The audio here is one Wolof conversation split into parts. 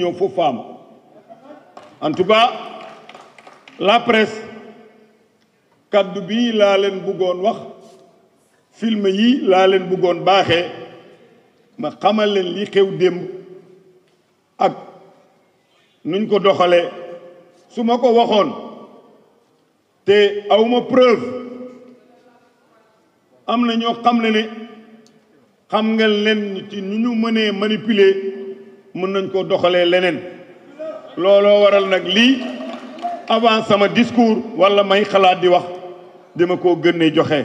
ñoo fo faam en tout cas la presse kaddu bi laa leen bëggoon wax film yi laa leen bëggoon baaxee ma xamal len li xew démb ak nuñ ko doxalee su ma ko waxoon te awma preuve am na ñoo xam ne ne xam nga leen ci ñu ñu mënee manipuler mën nañ koo doxalee leneen looloo waral nag lii avant sama discours wala may xalaat di wax deme ko gënne joxe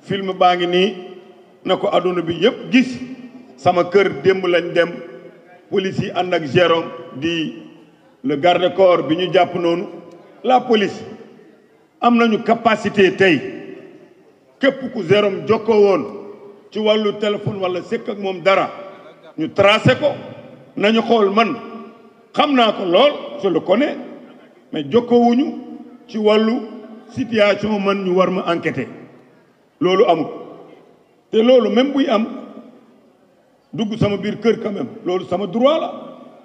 film baa ngi nii na ko adduna bi yëpp gis sama kër démb lañ dem police yi ànd ak Jérôme di le garde corps bi ñu jàpp noonu la police am nañu capacité tey képp ku Jérôme ko woon ci wàllu téléphone wala sëkk ak moom dara ñu tracé ko nañu xool man xam naa ko lool je le connais mais jokkoowuñu ci wàllu situation man ñu war ma enquêter loolu amul te loolu même buy am dugg sama biir kër quand loolu sama droit la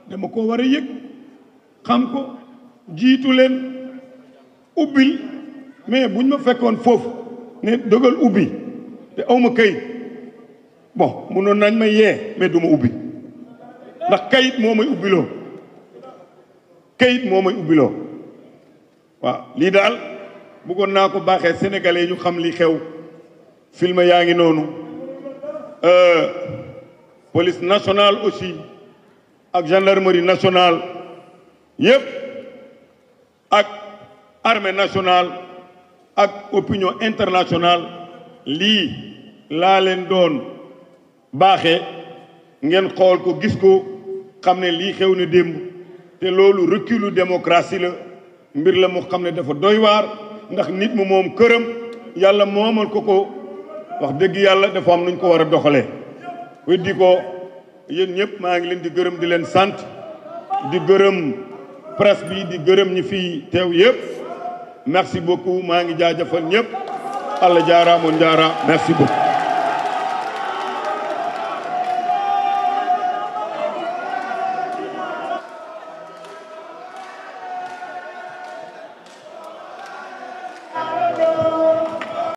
dama ko war a yëg xam ko jiitu leen ubbil mais buñ ma fekkoon foofu ne dogal ubbi te awma bo bon munoon nañ ma yee mais du ma ubbi ndax kayit moo may ubbiloo kayit moo may ubbiloo waaw lii daal bëggoon naa ko baaxe sénégalais ñu xam li xew film yaa ngi noonu euh, police nationale aussi ak gendarmerie nationale yëpp ak armée nationale ak opinion internationale lii laaleen doon baaxe ngeen xool ko gis ko xam ne lii xew na démb te loolu reculu démocratie la mbir la mu xam ne dafa doy waar ndax nit mu moom këram yàlla moomal ko ko wax dëgg yàlla dafa am nuñ ko war a doxalee weddi ko yéen ñëpp maa ngi leen di gërëm di leen sant di gërëm presse bi di gërëm ñi fii teew yëpp merci beaucoup maa ngi jaajëfal ñëpp allah jaaraamoon jaara merci beaucoup